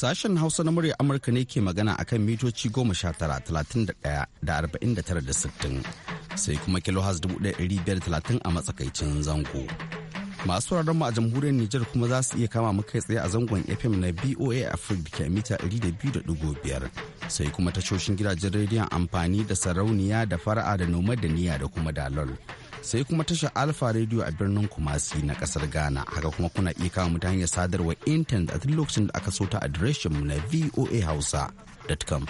Sashen Hausa na murya Amurka ne ke magana akan mitoci goma sha tara talatin da ɗaya da arba'in da tara da sittin sai kuma kilohaz dubu ɗaya ɗari biyar talatin a matsakaicin zango. Masu mu a jamhuriyar Nijar kuma za su iya kama mu kai tsaye a zangon FM na BOA Africa da mita biyar sai kuma tashoshin gidajen rediyon amfani da sarauniya da fara'a da noma da niyya da kuma dalol. sai kuma tashar alfa radio a birnin kumasi na kasar ghana haka kuma kuna iya kawo mu ta hanyar sadarwa intanet a duk lokacin da aka so ta adireshin mu na voa hausa.com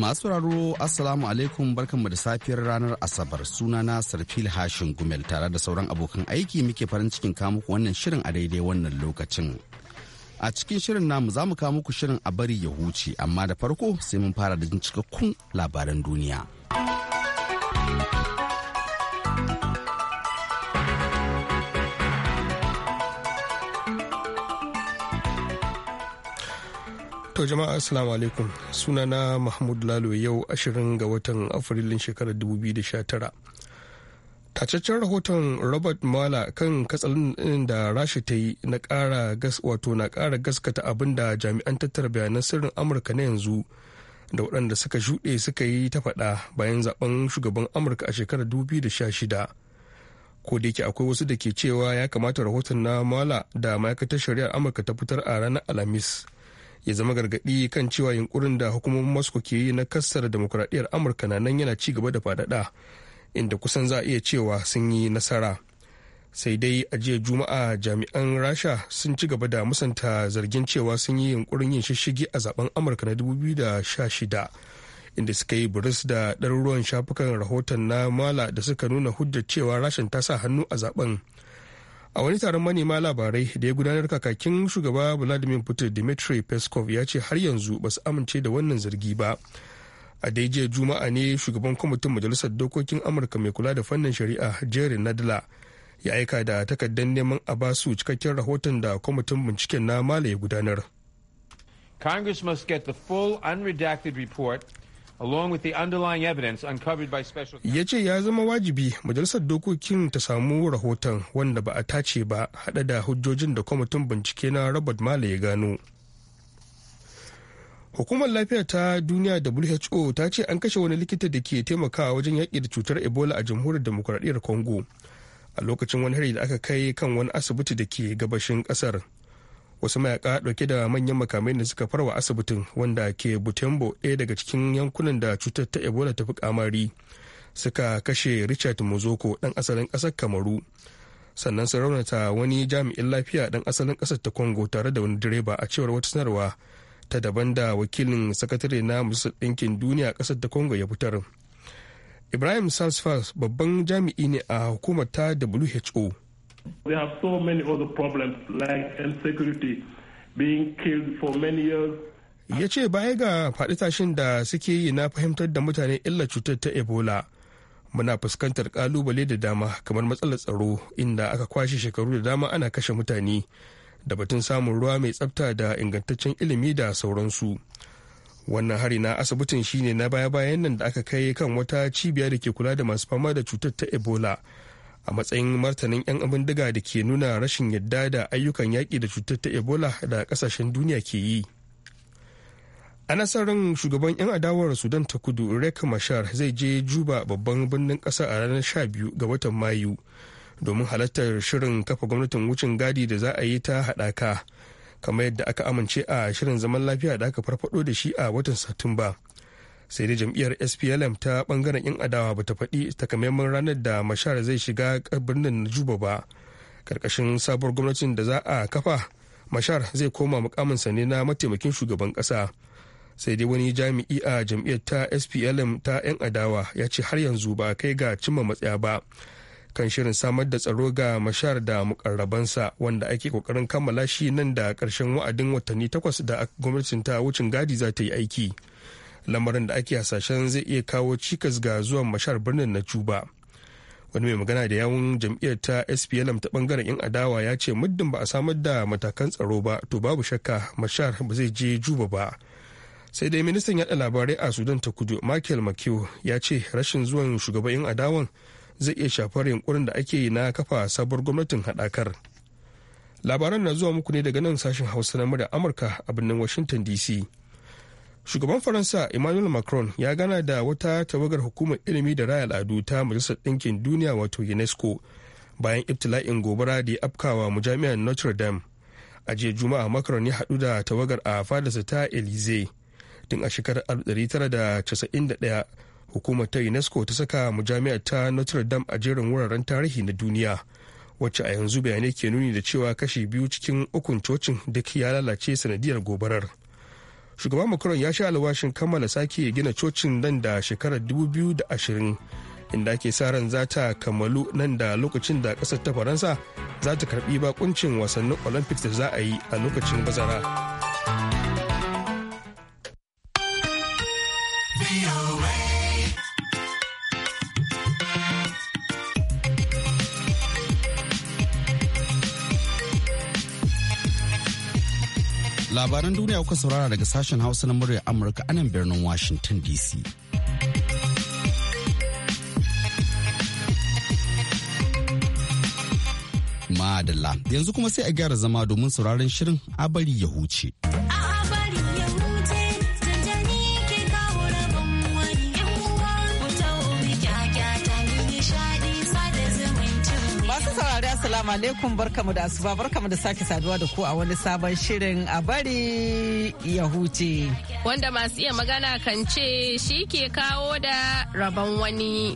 masu raro assalamu alaikum barkanmu da safiyar ranar asabar sunana sarfil hashin gumel tare da sauran abokan aiki muke farin cikin kamuku wannan shirin a daidai wannan lokacin a cikin shirin namu za mu kawo muku shirin a bari ya huce amma da farko sai mun fara da jin cikakkun labaran duniya To jama'a assalamu alaikum sunana Mahmud Lalo yau ashirin ga watan Afrilun shekarar 2019. tacaccen rahoton robert mala kan katsalin da rasha ta yi na kara gas wato na kara gaskata abin da jami'an tattara bayanan sirrin amurka na yanzu da waɗanda suka shuɗe suka yi ta faɗa bayan zaben shugaban amurka a shekarar 2016 ko da yake akwai wasu da ke cewa ya kamata rahoton na mala da ma'aikatar shari'ar amurka ta fitar a ranar alhamis ya zama gargaɗi kan cewa yunkurin da hukumomin moscow ke yi na kassar demokuraɗiyyar amurka na nan yana ci gaba da faɗaɗa inda kusan za a iya cewa sun yi nasara sai dai a jiya juma'a jami'an rasha sun ci gaba da musanta zargin cewa sun yi yunkurin yin shishigi a zaben amurka na 2016 inda suka yi buris da ɗaruruwan shafukan rahoton na mala da suka nuna hujjar cewa rashin ta sa hannu a zaben a wani taron manema labarai da ya gudanar kakakin shugaba vladimir putin dmitry peskov ya ce har yanzu ba su amince da wannan zargi ba a dai jiya juma'a ne shugaban kwamitin majalisar dokokin amurka mai kula da fannin shari'a jerry nadler ya aika da takardar neman a basu cikakken rahoton da kwamitin binciken na mala ya gudanar ya ce ya zama wajibi majalisar dokokin ta samu rahoton wanda ba a tace ba hada da hujjojin da kwamitin bincike na robert mala ya gano hukumar lafiya ta duniya who ta ce an kashe wani likita da ke taimakawa wajen yaƙi da cutar ebola a jamhuriyar demokuraɗiyyar congo a lokacin wani hari da aka kai kan wani asibiti da ke gabashin ƙasar wasu mayaka ɗauke da manyan makamai da suka farwa asibitin wanda ke butembo ɗaya daga cikin yankunan da cutar ta ebola ta fi kamari suka kashe richard muzoko ɗan asalin ƙasar kamaru sannan sun raunata wani jami'in lafiya ɗan asalin ƙasar ta congo tare da wani direba a cewar wata sanarwa ta daban da wakilin sakatare na musul ɗinkin duniya ƙasar ta congo ya fitar ibrahim salsfas babban jami'i ne a hukumar ta who ya ce baya ga faɗi tashin da suke yi na fahimtar da mutane illa cutar ta ebola muna fuskantar kalubale da dama kamar matsalar tsaro inda aka kwashe shekaru da dama ana kashe mutane da batun samun ruwa mai tsafta da ingantaccen ilimi da sauransu wannan hari na asibitin shine na baya-bayan nan da aka kai kan wata cibiya da ke kula da masu fama da cutar ta ebola a matsayin martanin 'yan abin diga da ke nuna rashin yadda da ayyukan yaƙi da cutar ta ebola da ƙasashen duniya ke yi a nasarar shugaban 'yan adawar sudan ta kudu rek mashar zai je juba babban birnin ƙasa a ranar 12 ga watan mayu domin halartar shirin kafa gwamnatin wucin gadi da za a yi ta haɗaka kamar yadda aka amince a shirin zaman lafiya da aka farfado da shi a watan satumba sai dai jam'iyyar splm ta bangaren yan adawa bata faɗi takamaiman ranar da mashar zai shiga birnin juba ba karkashin sabuwar gwamnatin da za a kafa mashar zai koma mukaminsa ne na mataimakin shugaban ƙasa sai dai wani jami'i a jam'iyyar ta splm ta yan adawa ya ce har yanzu ba kai ga cimma matsaya ba kan shirin samar da tsaro ga mashar da mukarrabansa wanda ake kokarin kammala shi nan da karshen wa'adin watanni takwas da gwamnatin ta wucin gadi za ta yi aiki lamarin da ake hasashen zai iya kawo cikas ga zuwan mashar birnin na cuba wani mai magana da yawun jam'iyyar ta splm ta bangaren yan adawa ya ce muddin ba a samar da matakan tsaro ba to babu shakka mashar ba zai je juba ba sai dai ministan yaɗa labarai a sudan ta kudu michael mckew ya ce rashin zuwan shugaban yan adawan zai iya shafar yunkurin da ake yi na kafa sabuwar gwamnatin haɗakar labaran na zuwa muku ne daga nan sashen hausa na murya amurka a birnin washington dc shugaban faransa emmanuel macron ya gana da wata tawagar hukumar ilimi da raya al'adu ta majalisar ɗinkin duniya wato unesco bayan ibtila'in gobara da ya afkawa mujami'ar notre dame a jiya juma'a macron ya haɗu da tawagar a fadarsa ta elize tun a shekarar 1991 hukumar ta unesco ta saka mujami'a ta notre dame a jerin wuraren tarihi na duniya wacce a yanzu bayanai ke nuni da cewa kashi biyu cikin ukun cocin duk ya lalace sanadiyar gobarar shugaban macron ya sha alwashin kammala sake gina cocin nan da shekarar ashirin inda ake sa ran za ta kammalu nan da lokacin da kasar ta faransa za ta karbi bakuncin wasannin olympics da za a yi a lokacin bazara. Labaran duniya kuka saurara daga sashen Hausa na murya Amurka a nan birnin Washington DC. Madalla yanzu kuma sai a gyara zama domin sauraron shirin a ya huce. saurari assalamu alaikum barkamu da asuba barkamu da sake saduwa da ku a wani sabon shirin a bari ya huce. Wanda masu iya magana kan ce shi ke kawo da rabon wani.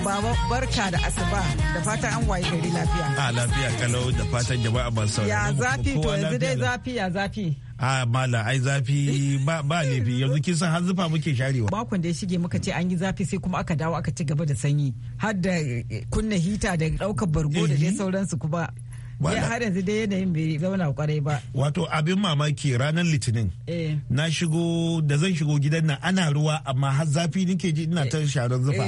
Baba barka da asuba da fatan an waye gari lafiya. A lafiya kalau da fatan jama'a ban sauri. Ya zafi to yanzu dai zafi ya zafi. a mala ai zafi ba ba laifi yanzu kin san har zufa muke sharewa makon da ya shige muka ce an yi zafi sai kuma aka dawo aka ci gaba da sanyi har da eh, kunna hita da daukar bargo da dai eh. sauransu kuma ya har yanzu dai yanayin bai zauna kwarai ba wato abin mamaki ranar litinin eh. na shigo da zan shigo gidan nan ana ruwa amma har zafi nake ji ina ta sharar zufa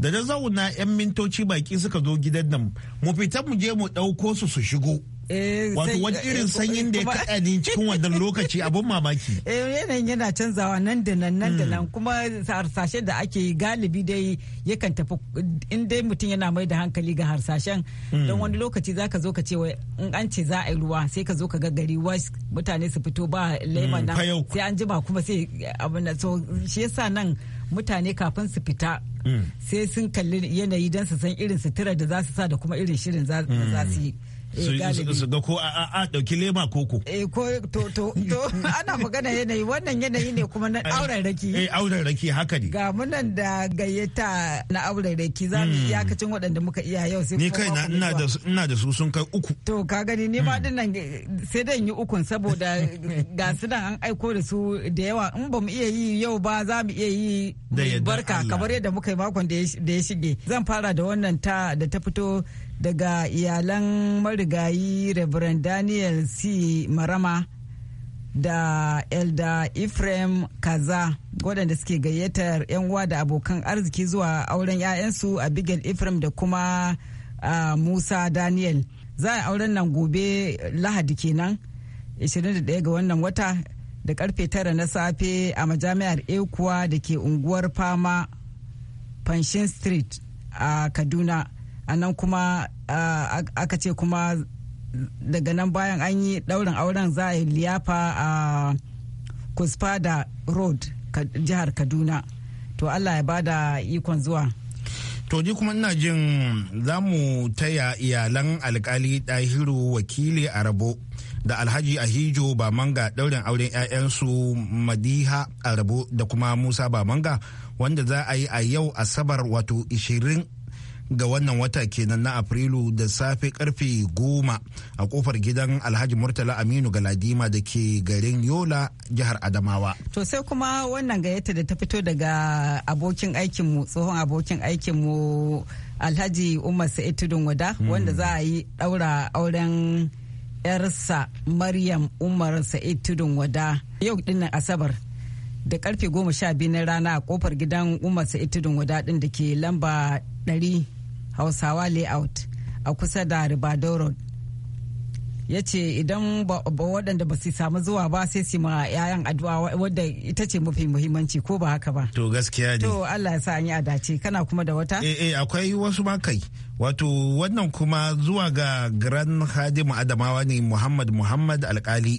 da na zauna yan mintoci baki suka zo gidan nan mu fita mu je mu dauko su su shigo Eh, Wato wani irin sanyin da ya kaɗa ni cikin wannan lokaci abin mamaki. Eh yanayin yana canzawa nan da nan nan da hmm. nan kuma harsashen da ake galibi dai yakan tafi in dai mutum yana mai da hankali ga harsashen hmm. don wani lokaci za ka zo ka ce in an ce za a yi ruwa sai ka zo ka ga gari mutane su fito ba lema hmm, nan sai an kuma sai yasa nan mutane kafin su fita sai sun kalli yanayi don su san irin sutura da za su sa da kuma irin shirin za su yi. Eh, su ga ko a dauki lema koko eh ko to to to ana magana yanayi wannan yanayi ne kuma na eh, auren raki eh auren raki haka ne ga munan da gayyata na auren raki za mu hmm. iyakacin waɗanda muka iya yau sai ni kai na ina da ina da su sun kai uku to ka gani ni ma hmm. sai dan yi ukun saboda ga su nan an aiko da su da yawa in ba mu iya yi yau ba za mu iya yi barka kamar yadda muka yi makon da ya shige zan fara da wannan ta da ta fito daga iyalan marigayi Reverend Daniel C. Marama da Elda Ephraim Kaza waɗanda suke gayyatar 'yan uwa da abokan arziki zuwa auren 'ya'yansu a Bigel Ephraim da kuma uh, Musa Daniel. Za a auren nan gobe Lahadi kenan 21 ga wannan wata da karfe 9 na safe a majami'ar Ekuwa da ke unguwar Fama Panshin Street a Kaduna. a nan kuma aka ce kuma daga nan bayan an yi daurin auren za a yi liyafa a kusfada road jihar kaduna to allah ya bada ikon zuwa to ni kuma ina jin za mu taya iyalan alkali dahiru wakili a da alhaji ahijo bamanga daurin auren 'ya'yansu madiha a da kuma musa bamanga wanda za a yi a yau asabar wato ga wannan wata kenan na afrilu da safe karfe goma a kofar gidan alhaji murtala aminu galadima da ke garin yola jihar adamawa to sai kuma wannan gayyata da ta fito daga abokin aikinmu tsohon abokin aikinmu alhaji umar sa'id tudun wada hmm. wanda za a yi daura auren yarsa maryam umar sa'id tudun wada yau dinnan asabar da karfe goma sha biyu na rana a kofar gidan umar sa'id tudun wada din da ke lamba ɗari hausawa layout a kusa da ribado road ya ce idan ba waɗanda ba su samu zuwa ba sai su ma 'ya'yan addu'a wadda ita ce mafi muhimmanci ko ba haka ba to gaskiya ne to Allah ya sa an yi adace kana kuma da wata eh eh akwai wasu ma kai wato wannan kuma zuwa ga grand hadimu adamawa ne muhammad muhammad alkali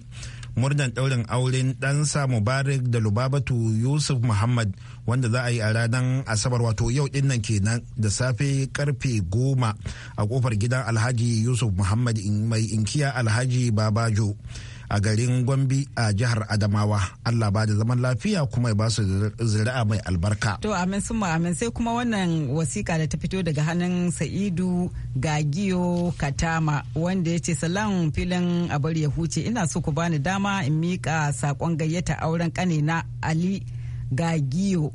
murnar ɗaurin auren ɗansa mubarak da lubabatu yusuf muhammad wanda za a yi a ranar asabar wato yau dinnan kenan da safe karfe goma a kofar gidan alhaji yusuf muhammad mai inkiya alhaji babajo a garin Gombe a jihar Adamawa. Allah ba da zaman lafiya kuma ya ba su zuri'a mai albarka. To amin sun amin sai kuma wannan wasiƙa da ta fito daga hannun Sa'idu Gagiyo Katama wanda ya ce salam filin a bari ya huce ina so ku bani dama in miƙa saƙon gayyata auren ƙanina Ali Gagiyo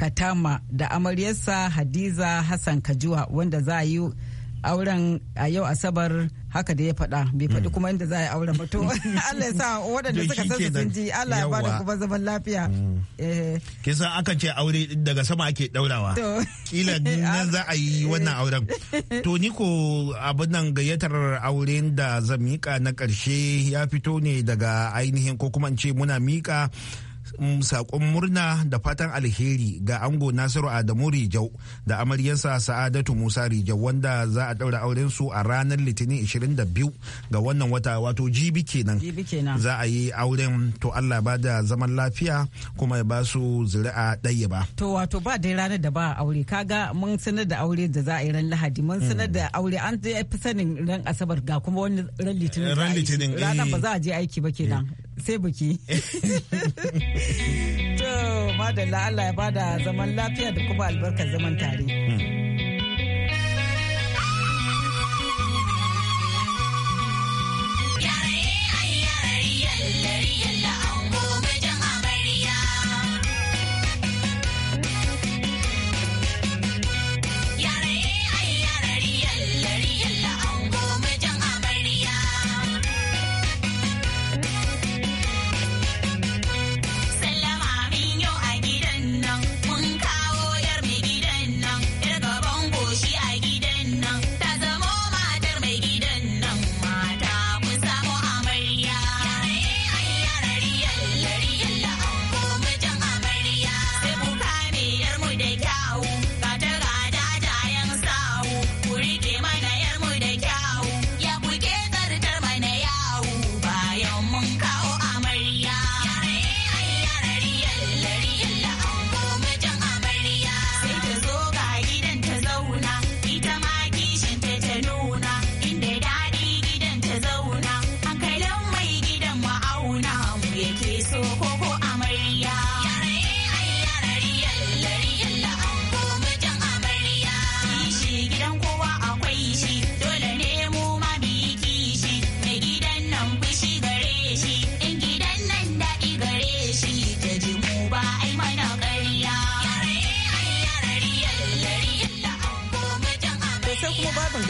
Katama da amaryarsa Hadiza Hassan Kajuwa wanda za a yi auren a yau asabar haka da ya faɗa bai faɗi hmm. kuma inda za a yi auren ba to Allah ya sa waɗanda suka san su sun ji Allah ya bada kuma zaman lafiya hmm. eh. ke san aka ce aure daga sama ake daurawa kila nan za a yi wannan auren to ni ko abin nan gayyatar auren da zan mika na ƙarshe ya fito ne daga ainihin ko kuma in ce muna mika Um, sakon murna da fatan alheri ga ango Nasiru Adamu Rijau da amaryansa Sa'adatu Musa Rijau wanda za a daura auren su a ranar Litinin 22 ga wannan wata wato jibi kenan. Za a yi auren to Allah ba da zaman lafiya kuma ya ba su zuri'a ɗaya ba. To wato ba dai ranar da ba aure kaga mun sanar da aure da za a yi ran Lahadi mun sanar da aure an fi sanin ran Asabar ga kuma wani ran Litinin. Ran Litinin. Ranar ba eh. za a je aiki ba kenan. Eh. sai buki. To, madalla Allah ya bada zaman lafiya da kuma albarkar zaman tare. Hmm.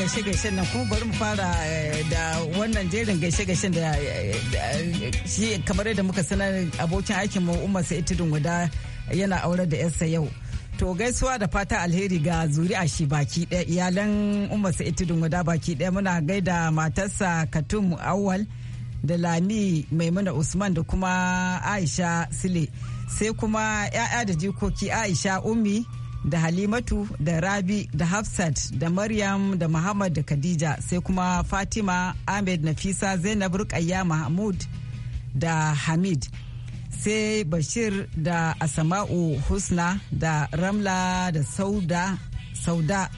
gaishe-gaishen nan kuma bari mu fara eh, da wannan jerin gaishe gaishe eh, da shi kamar yadda muka sanar abokin aikin mu Umar Sa'id Tudun guda yana aure da yarsa yau. To gaisuwa da fata alheri ga zuri'a shi baki ɗaya iyalan Umar Sa'id Tudun guda baki ɗaya muna gaida matarsa Katum Awal da Lami Maimuna Usman da kuma Aisha Sile sai kuma 'ya'ya da jikoki Aisha Ummi da halimatu da rabi da hafsat da maryam da muhammad da khadija sai kuma fatima ahmed nafisa zainab rukayya mahmud da hamid sai bashir da asama'u husna da ramla da sauda sauda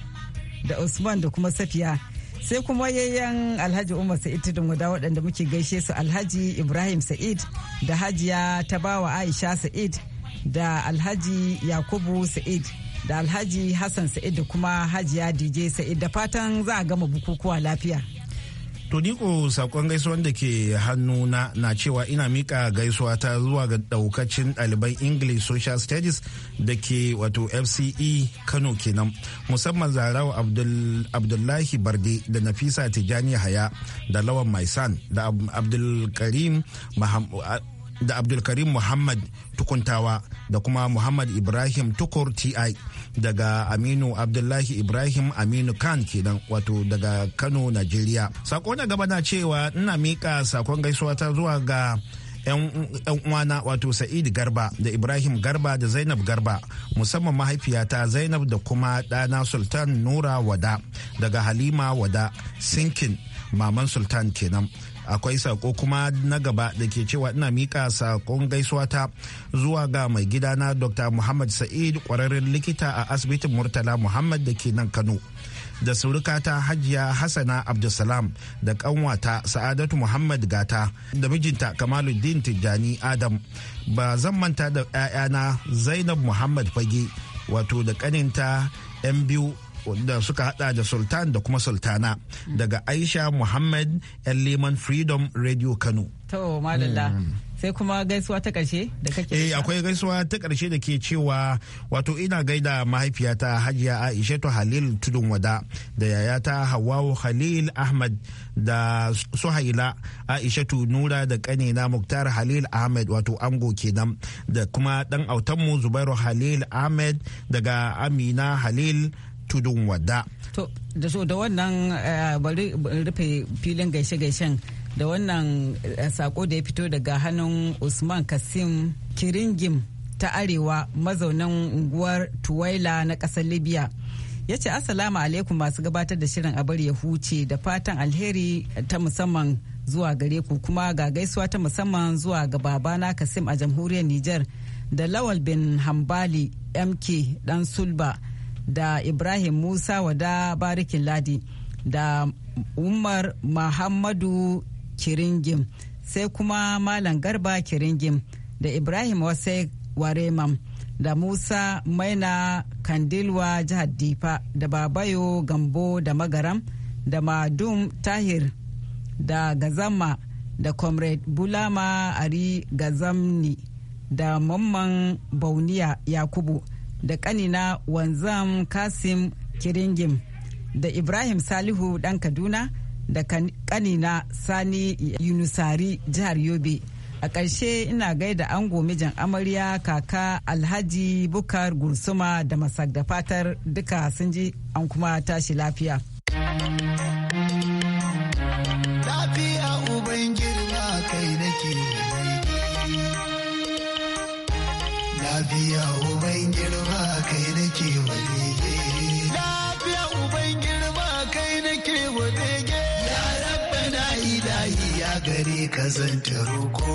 da usman da kuma safiya sai kuma yayyan alhaji umar sa'id tudun guda waɗanda muke gaishe su alhaji ibrahim sa'id da hajiya tabawa aisha sa'id da alhaji yakubu sa'id da alhaji hassan sa'id da kuma hajiya dj sa'id da fatan za a gama bukukuwa lafiya to niko sakon gaisuwan da ke hannu na cewa ina mika gaisuwa ta zuwa ga daukacin ɗaliban english social studies da ke wato fce kano kenan musamman zarau abdullahi barde da nafisa tijani haya da lawan maisan da abdulkarim da abdulkarim muhammad tukuntawa da kuma muhammad ibrahim tukur ti daga aminu abdullahi ibrahim aminu khan kenan wato daga kano najeriya sako na gaba na cewa ina mika sakon gaisuwa ta zuwa ga 'yan uwana wato sa'id garba da ibrahim garba da zainab garba musamman mahaifiyata zainab da kuma ɗana sultan nura wada daga halima wada sinkin maman sultan kenan akwai sako kuma na gaba da ke cewa ina mika sakon gaisuwata zuwa ga mai gidana dr muhammad sa'id kwararren likita a asibitin murtala muhammad da ke nan kano da surukata hajiya hassana abdulsalam da kanwata sa'adatu muhammad gata da mijinta kamaluddin tijjani adam ba zan manta da 'ya'yana zainab muhammad fage wato da kaninta 'yan biyu da suka hada da sultan da kuma sultana daga aisha muhammad yan liman freedom radio kano to madalla mm. sai kuma gaisuwa ta ƙarshe da kake eh akwai gaisuwa ta ƙarshe da ke cewa wato ina gaida mahaifiyata hajiya aisha aishatu halil tudun wada da yayata hawawu halil ahmad da suhaila aishatu nura da kanina muktar halil ahmed wato ango kenan da kuma dan autanmu zubairu halil ahmed daga amina halil tudun wada. To, da so da wannan eh, bari rufe filin gaishe-gaishen da wannan eh, sako da ya fito daga hannun Usman Kasim Kiringim ta Arewa mazaunan unguwar Tuwaila na ƙasar Libya. ya ce asalamu alaikum masu gabatar da shirin a bari ya huce da fatan alheri ta musamman zuwa gare ku kuma ga gaisuwa ta musamman zuwa ga babana kasim a jamhuriyar niger da lawal bin hambali mk dan sulba da ibrahim musa wada barikin ladi da umar muhammadu kiringim sai kuma malam garba kiringim da ibrahim wasai waremam da musa maina kandilwa jihar difa da babayo gambo da magaram da madum tahir da gazama da comrade bulama ari gazamni da mamman bauniya yakubu da kanina wanzam kasim kiringim da ibrahim salihu dan kaduna da kanina sani yunusari jihar yobe a ƙarshe ina gaida ango mijin amarya kaka alhaji bukar gursuma da masak da fatar duka sun ji an kuma tashi lafiya. kazanta roƙo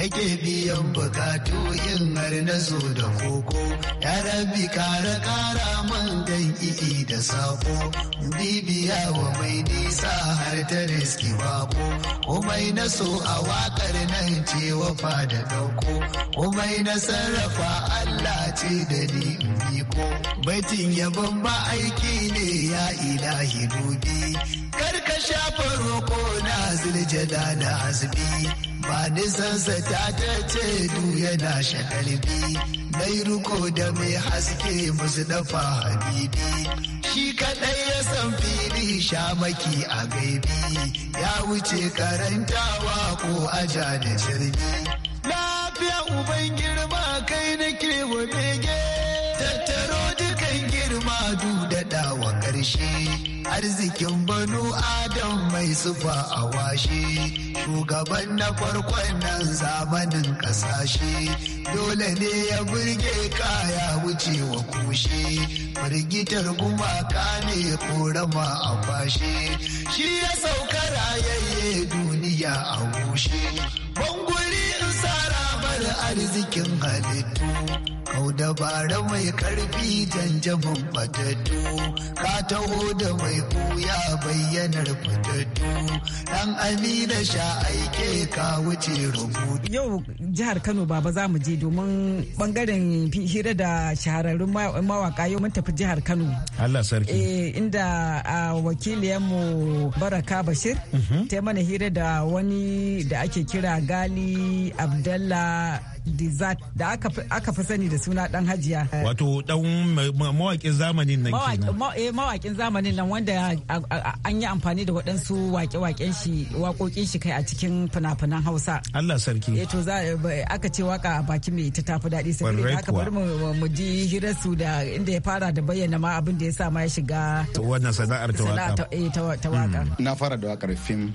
kake biyan bukatu in har na zo da koko ya rabi kara kara man dan i'i da sako bibiya wa mai nisa har ta riski bako mai na so a wakar nan ce wafa da dauko komai na sarrafa Allah ce da ni in ko baitin yabon ba aiki ne ya ilahi dubi kar ka shafa roko na zuljada da azbi ba nisansa ta ta ce du yana shakalbi mai ruko da mai haske musu dafa habibi shi kaɗai ya san fili shamaki a gaibi ya wuce karantawa ko aja da jirgi lafiya uban girma kai nake wa bege tattaro dukan girma du da ƙarshe arzikin banu adam mai sufa a washe shugaban na farkon nan zamanin kasashe dole ne ya burge kaya wucewa kushe firgitar gumaka ne korama a fashe shi ya sauka rayayye duniya a bushe banguri in sara bar arzikin halittu da dabara mai karfi janjabin fatattu, ka taho da mai kuya bayyanar fatattu, ɗan amina sha aike ka wuce rubutu. Yau jihar Kano baba za mu je domin bangaren hira da shahararrun mawaka yau mun tafi jihar Kano. Allah sarki. Eh, inda a mu Baraka Bashir mhm. ta mana hira da wani da ake kira Gali Abdallah dessert da aka fi sani da suna dan hajiya. Wato dan mawakin zamanin nan kenan. Eh, mawakin zamanin nan wanda an yi amfani da waɗansu waƙe waƙen shi waƙoƙin shi kai a cikin fina-finan Hausa. Allah sarki. Eh to za eh, aka ce waka a baki mai ta tafi daɗi sai aka bar mu ji hirar su da inda ya fara da bayyana ma abin da ya sa ma ya shiga. Wannan sana'ar ta waka. Ta eh, waka. Hmm. Na fara da waƙar fim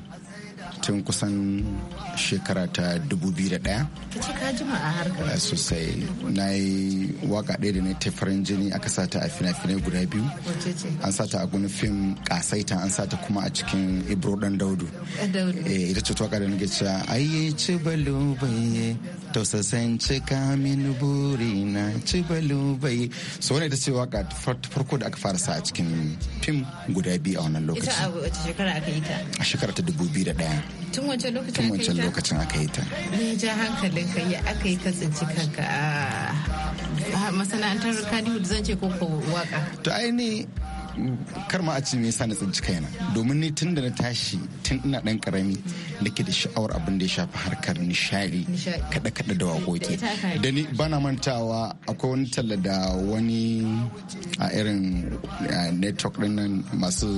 tun kusan shekara ta 2001 sosai na yi waka ɗaya da na ta farin jini aka sa ta a fina-finai guda biyu an sa ta a gudun fim kasaita an sa ta kuma a cikin ibro dan daudu eh, ita ce waka da nake cewa ayye ci balo baye tausasan cika min buri na ci balo baye so wani ita ce waka farko da aka fara sa a cikin fim guda biyu a wannan lokaci a shekara ta dubu biyu da ɗaya tun wancan lokacin aka yi ta? tun wancan lokacin aka yi ta me ja hankalin ka yi, aka yi ka kanka a masana'antar kaniwood zan ce ko waka to ai ne kar ma a ce me yasa na tsinci kaina domin ni tun da na tashi tun ina dan karami nake da sha'awar abin da ya shafi harkar nishadi kada kada da wakoki da ni bana mantawa akwai wani talla da wani a irin network din nan masu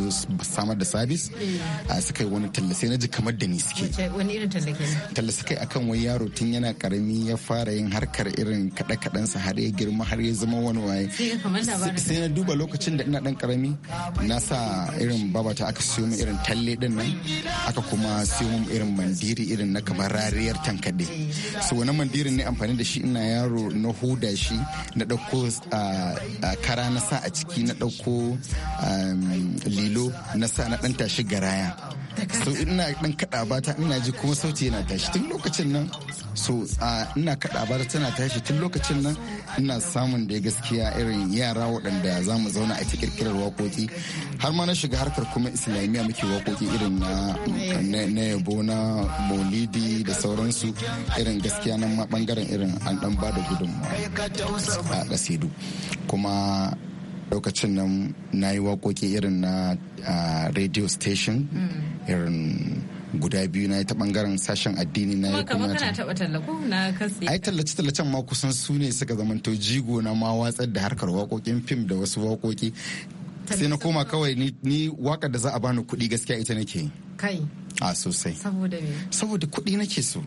samar da sabis mm. suka yi wani talla sai na ji kamar da ni suke wani irin talla kenan talla suka yi akan wani yaro tun yana karami ya fara yin harkar irin kada sa. har ya girma har ya zama wani waye sai na duba lokacin da ina dan karami na sa irin babata aka siyo min irin talle din nan aka kuma siyo min irin mandiri irin na kamar rariyar tankade so wani mandirin ne amfani da shi ina yaro na huda shi na dauko kara na sa a ciki na dauko lilo na sa na ɗanta shi garaya so ina dan kada bata ina ji kuma sauti yana tashi tun lokacin nan so ina kada bata tana tashi tun lokacin nan ina samun da gaskiya irin yara waɗanda za mu zauna a cikin kirkirar waƙoƙi har ma na shiga harkar kuma islamiyya muke waƙoƙi irin na yabo na maulidi da sauransu irin gaskiya nan ma bangaren irin an dan ba da gudunmawa a kasidu kuma lokacin nan na yi waƙoƙi irin na radio station mm. irin guda biyu na ta bangaren sashen addini na ya kuma kana a tallako na tallace tallacen ma kusan su ne suka to jigo na ma watsar da harkar wakokin fim da wasu wakoki sai na koma kawai ni wakar da za a bani kuɗi gaskiya ita nake kai a sosai saboda me saboda kuɗi nake so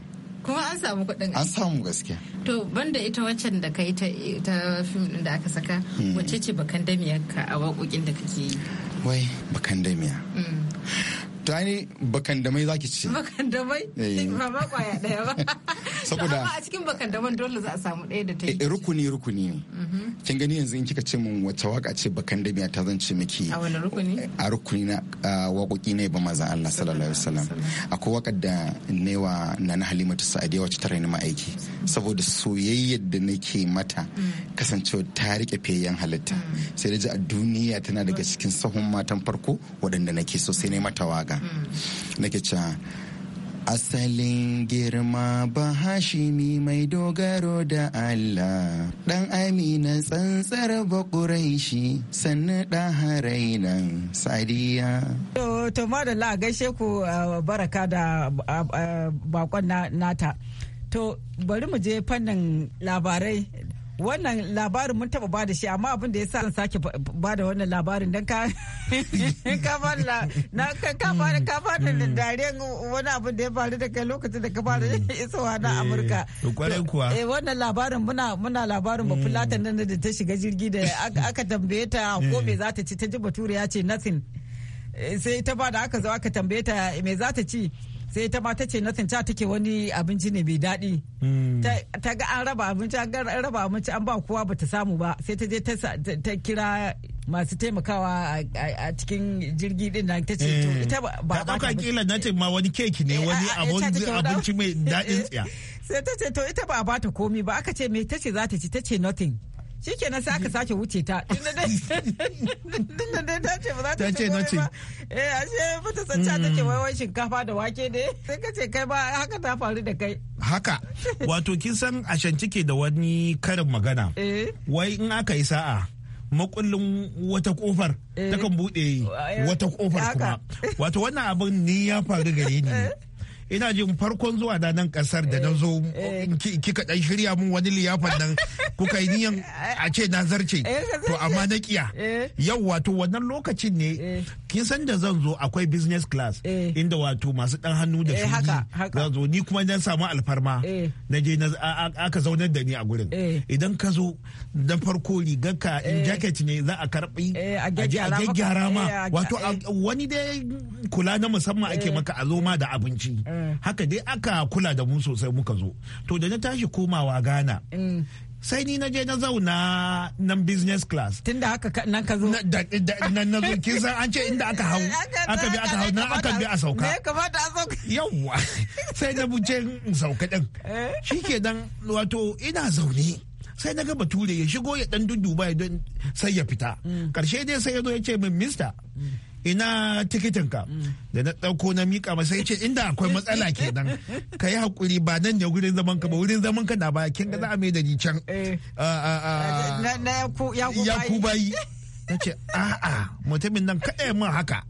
kuma an samu kuɗin an samu gaskiya to banda ita waccan da ka yi ta fim din da aka saka hmm. wacce ce bakan damiyar ka a waƙoƙin da kake yi wai bakan damiya hmm. ta ne bakan da mai zaki ce bakan da mai eh. ba ma kwaya daya ba saboda a cikin bakan da man dole za a samu daya da ta yi eh, rukuni rukuni mhm. kin gani yanzu in kika ce min wace waka ce bakan da ta zan ce miki a wani rukuni a rukuni na waƙoƙi ne ba maza Allah sallallahu alaihi wasallam akwai wakar da newa na halimatu sa'adiya wacce ta raina aiki saboda soyayyar da nake mata mm. kasancewa ta rike fiyayyen halitta mm. sai da ji a duniya tana daga cikin sahun matan farko waɗanda nake so sai ne mata waka waka mm. nake cewa Asalin girma ba hashimi mai dogaro da Allah, ɗan amina tsantsar bakurai shi sannu ɗan harainan sadiya. To, madalla gaishe ku uh, baraka da uh, uh, bakon nata. To, bari mu je fannin labarai wannan labarin mun taba ba shi amma abin da ya sa zan sake bada wannan labarin ka da ka ba da mm. dariyar wani abin da ya faru da kai lokacin da ka fara mm. isowa na amurka eh, eh wannan labarin muna muna labarin mm. ba fulatan nan da ta shiga jirgi da aka tambaye ta ko me za ta ci ta ji bature ya ce nothing eh, sai ta ba da aka zo aka tambaye ta eh, me za ta ci sai ta ma ta ce nothing ta take wani abinci ne mai daɗi hmm. ta ga an raba abinci an raba abinci an ba kowa bata samu ba sai ta je ta kira masu taimakawa a cikin jirgi din nan ta ce eh. ita ba ba ta dauka kila na ce ma wani keki ne eh, wani abinci mai daɗin tsiya sai ta ce to ita ba a bata komi ba aka ce me ta ce za ta ci ta ce nothing shi ke sai aka sake wuce ta tun da dai ta ce ba za ta ce noce ba eh ashe mata sanca ta ce mm. wai shinkafa da wake ne sai ka ce kai ba haka ta faru da kai haka wato kin san ashanci ke da wani karin magana eh. wai in aka yi sa'a makullin wata kofar eh. takan bude eh. wata kofar kuma wato wannan abin ni ya faru gare ni ina jin farkon zuwa da nan kasar da na zo eh, eh. kika dan shirya mun wani liyafan nan kuka yi niyan a ce na zarce eh, to amma na kiya yau wato wannan lokacin ne kin san da zan zo akwai business class inda wato masu dan hannu da shuni zan zo ni kuma dan samu alfarma na je aka zaunar da ni a gurin idan ka zo na farko gaka in jacket ne za a karbi a gyaggyara ma wato wani dai kula na musamman ake maka a zo ma da abinci haka dai aka kula da mu sosai muka zo to da na tashi komawa ghana mm. sai ni na je na zauna nan business class tunda haka nan ka zo nan na zo kin san an ce inda aka hau aka bi aka hau na aka bi a sauka ka fata a sauka yawa sai na buje in sauka din eh? shike dan wato ina zaune sai na ga bature ya shigo ya dan dudduba ya sai ya fita mm. karshe dai sai ya zo ya ce min mister mm. ina tikitinka da na ɗauko na miƙa masa ya ce inda akwai matsala kenan ka yi haƙuri ba nan ne wurin zaman ka ba wurin zaman ka na ba kin ga za a mai da ni can eh. ya ku bayi na ce a'a mutumin nan kaɗa min haka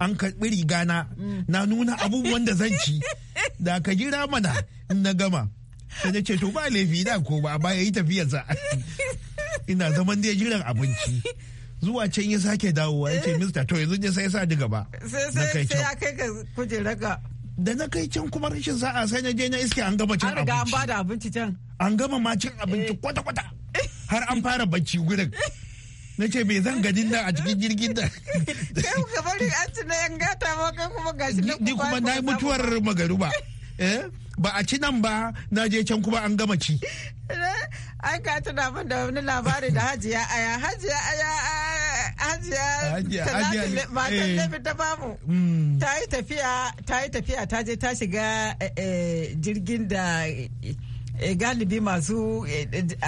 an karɓi riga na Na nuna abubuwan da zan ci da ka jira mana na gama ta na ce to ba laifi da ko ba ba ya yi tafiyarsa ina zaman da jiran abinci zuwa can ya sake dawowa ya ce eh. mista to yanzu ya sai sa ji gaba sai ya kai ka da na kai can kuma rashin sa'a sai na je na iske an gama cin abinci an riga an abinci can an gama ma cin abinci eh. kwata kwata har an fara bacci gurin na ce me zan gani nan a cikin jirgin da kai ka bari an ci na yan gata ma kai kuma gashi na ni kuma na mutuwar magaruba eh ba a ci nan ba na je can kuma an gama ci. Eh, ai ka tuna da wani labari da hajiya aya hajiya aya hajiya matan eh. ta hmm. ta yi tafiya ta je ta shiga eh, eh, jirgin da galibi masu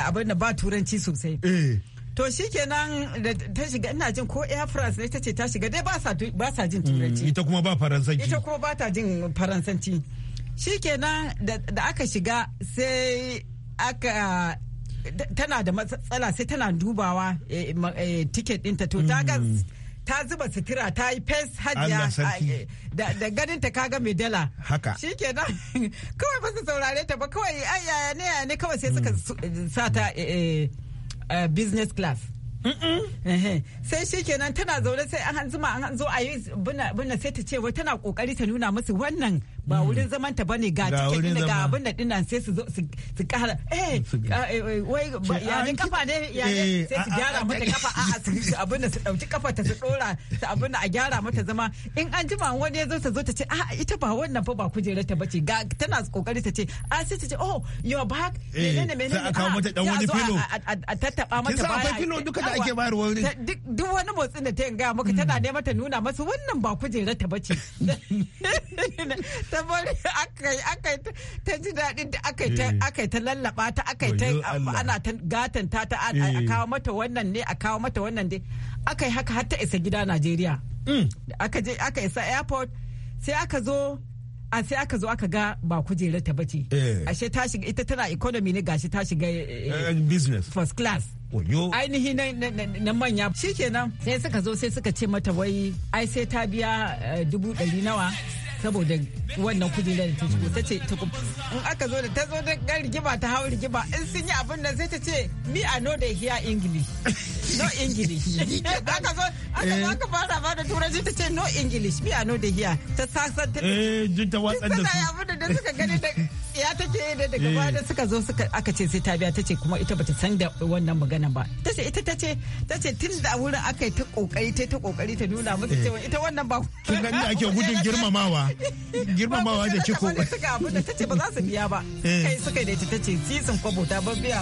abin da ba turanci sosai to shi da ta shiga ina jin ko air france ne ta ce ta shiga dai ba sa jin turanci hmm, ita kuma ba faransanci ita kuma ba ta jin faransanci shi da aka shiga sai aka tana da matsala sai tana dubawa eh, eh, tiket ɗinta to ta ga mm. ta zuba sutura ta yi fes hajiya eh, da ganin ta kaga mai dala haka shi kenan kawai ba su saurare ta ba kawai ayyaya ne ne kawai sai suka mm. sa ta business class sai shi kenan tana zaune sai an zuma an zo a yi buna sai ta ce wai tana kokari ta nuna musu wannan ba wurin zaman ta bane ga cikin da ga abin da dinnan sai su su kara eh, eh, eh, eh wai ya kafa ne ya sai su gyara mata kafa a abin da su dauki kafa ta su dora ta abin da a gyara mata zama in an jima wani ya zo ta zo ta ce a ita ba wannan fa ba kujera ta bace ga tana kokari ta ce a sai ta ce oh your back menene menene a kawo mata dan wani filo a tattaba mata baya akwai filo duka da ake bayarwa duk wani motsin da ta yin ga maka tana mm. ne mata nuna masa wannan ba kujera ta bace ta bari akai ta ji daɗi da akai ta lallaba ta eh. akai ta ana ta gatan ta a eh. kawo mata wannan ne a kawo mata wannan dai akai haka har ta isa gida Najeriya. Mm. Aka je aka isa airport sai aka zo a sai aka zo aka ga ba kujerar ta bace eh. ashe ta shiga ita tana economy ne gashi ta shiga business first class ainihi na manya kenan sai suka zo sai suka ce mata wai ai sai ta biya dubu ɗari nawa saboda wannan kudi da ta shigo ta ce ta in aka zo da ta zo da ɗan rigima ta hau rigima in sun yi abin nan sai ta ce me a no da hear english no english aka zo aka zo aka fara ba da turanci ta ce no english me a no da hear ta sasanta eh jin ta watsar da su abin da suka gani ya take yi da daga baya eh. suka zo suka aka ce sai ta biya ta ce kuma ita bata san da wannan magana ba ta ce ita ta ce ta ce tun da wurin aka yi ta kokari ta ta kokari ta nuna mata eh. cewa ita wannan ba kin ga ake gudun girmamawa girmamawa da ciko suka abu da ta ce ba za su biya ba eh. kai suka da ita ta ce sisin kwabo ta ba biya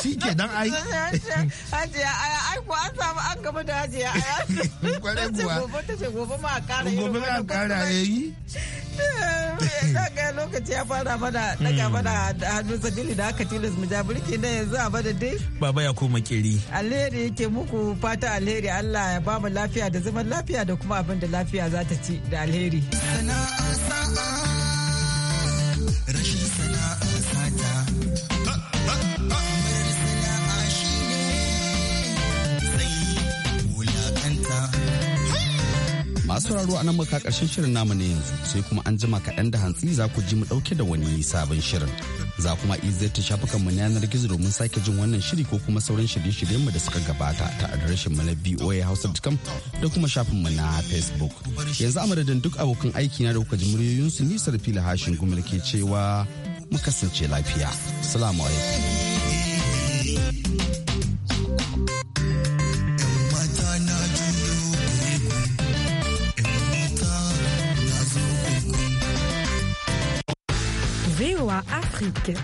shi ke dan ai hajiya aya ai ko an samu an gaba da hajiya aya kware kuwa ta ce gobe ma a kara yi gobe ma a kara yayi lokaci ya fara ba mana daga mana da hannu sabili da aka tilas mu ja birki na yanzu a bada dai. Baba ya koma kiri. Alheri yake muku fata alheri Allah ya ba mu lafiya da zaman lafiya da kuma abin da lafiya za ta ci da alheri. Sana'a masu raro a nan muka karshen shirin namu ne yanzu sai kuma an jima kaɗan da hantsi za ku ji mu ɗauke da wani sabon shirin za kuma ta shafukan mu na yanar gizo domin sake jin wannan shiri ko kuma sauran shirye-shiryen mu da suka gabata ta adireshin mu na voahausa.com da kuma shafin mu na facebook yanzu a madadin duk abokan aiki na da kuka ji muryoyinsu nisar fili hashin gumul ke cewa mu kasance lafiya salamu alaikum Afrique.